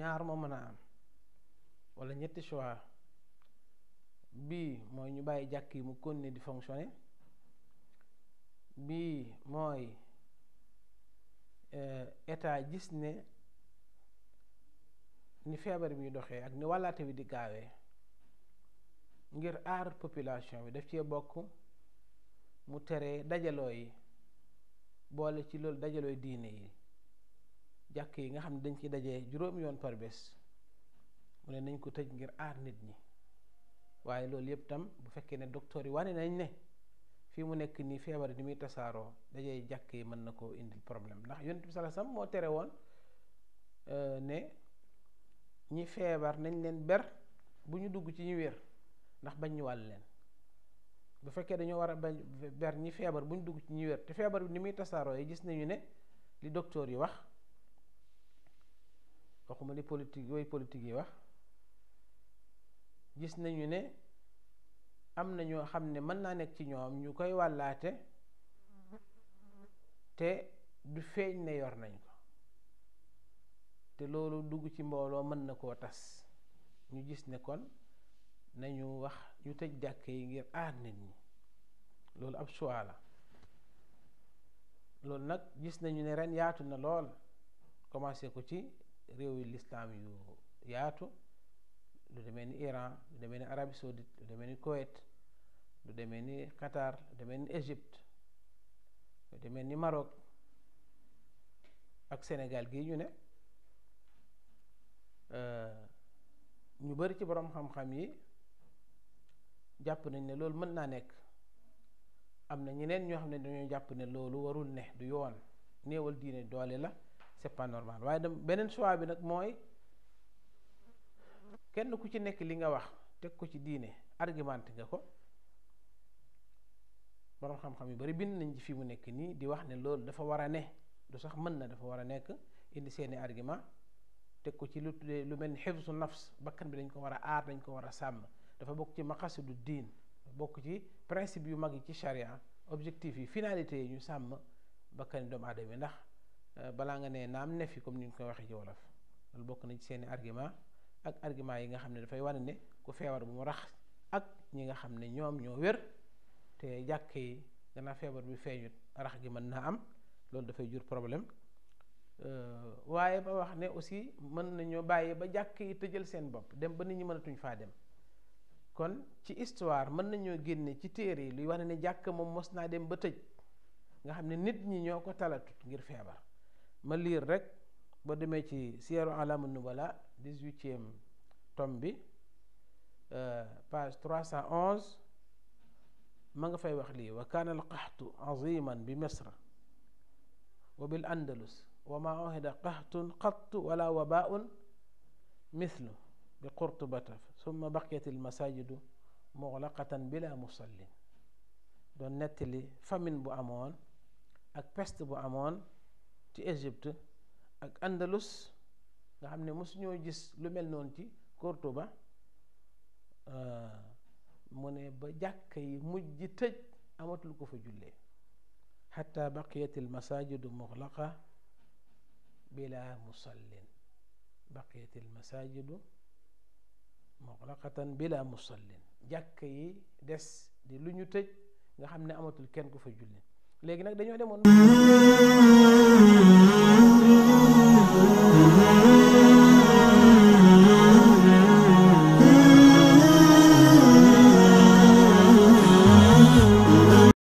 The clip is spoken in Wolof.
ñaar moo mën a am walla ñetti choix bii mooy ñu bàyyi jàkk yi mu continuer di fonctionner bii mooy euh, état gis ne ni feebar bi doxee ak ni wàllaate bi di gaawee ngir aar population bi daf cee bokk mu tere dajaloo boole ci loolu dajaloo diine yi jàkk yi nga xam ne dañ ci dajee juróom yoon par bés mu ne nañ ko tëj ngir aar nit ñi waaye loolu yëpp tam bu fekkee ne docteur yi wane nañ ne fii mu nekk nii feebar ni muy tasaaroo dajee jàkk yi mën na koo indil problème ndax yonent bi sallallahu alayhi wasallam moo tere woon euh, ne ñi feebar nañ leen ber bu ñu dugg ci ñu wér ndax bañ ñu leen bu fekkee dañoo war a bañ ñi feebar bu dugg ci ñu wér te feebar ni muy tasaaroo yi gis nañu ne li docteur yi wax waxuma li politique yooyu politique yi wax gis nañu ne am na ñoo xam ne mën naa nekk ci ñoom ñu koy wàllaate te du feeñ ne yor nañ ko te loolu dugg ci mbooloo mën na koo tas ñu gis ne kon nañu wax ñu tëj jàkk yi ngir aar nit ñi loolu ab choix la loolu nag gis nañu ne ren yaatu na lool commencé ko ci réew réewi lislaam yu yaatu lu demee ni Iran lu demee ni Arabie saoudite lu demee ni Koweït lu deme ni Qatar lu demee ni Égypte lu demee ni Maroc ak Sénégal gi ñu ne euh, ñu bari ci boroom xam-xam yi jàpp nañ ne loolu mën naa nekk am na ñeneen ñoo xam ne dañoo jàpp ne loolu warul ne du yoon néewal diine doole la c'est pas normal waaye dem beneen choix bi nag mooy kenn ku ci nekk li nga wax teg ko ci diine argument nga ko borom xam-xam yu bari bind nañ ci fi mu nekk nii di wax ne loolu dafa war a ne du sax mën na dafa war a nekk indi seeni argument teg ko ci lu tuddee lu mel ni xifsu nafs bakkan bi dañ ko war a aar dañ ko war a sàmm dafa bokk ci maxas maqasidu diin bokk ci principe yu mag yi ci charia objectif yi finalité yi ñu sàmm bakkani doomu aadama yi ndax Euh, balaa nga ne naam ne fi comme ni ñu koy waxee ji wolof loolu bokk nañ ci seeni argument ak argument yi nga xam ne dafay wane ne ku feebar bu mu rax ak ñi nga xam ne ñoom ñoo wér te jàkk yi gannaaw feebar bi feeñut rax gi mën na am loolu dafay jur problème euh, waaye ba wax ne aussi mën nañoo bàyyi ba jàkk yi tëjal seen bopp dem ba nit ñi mënatuñ faa dem kon ci histoire mën ñoo génne ci téere yi luy wane ne jàkk moom mos naa dem ba tëj nga xam ne nit ñi ñoo ko talatut ngir feebar ma liir rek ba demee ci Siyaaru Alaamu Nubala dix-huitième tome bi euh, page trois cent onze ma nga fay wax lii wa kaana alqaxtu aziman bi misr wa bil andalus wa ma ohida qaxtun qattu wala wabaun mithlu bi qurtubata summa baqiyat almasajidu muxlaqatan bila musallin doon nettali famine bu amoon ak peste bu amoon ci ak Andalus nga xam ne mosuñoo gis lu mel noonu ci Cordoba euh, mu ne ba jàkk yi mujj tëj amatul ko fa jullee xatta baqiyatil masajidu muxlaqa bila musallin baqiyatil masajidu muxlaqatan bila musallin jàkka yi des di lu ñu tëj nga xam ne amatul kenn ku fa julli léegi nag dañoo demoon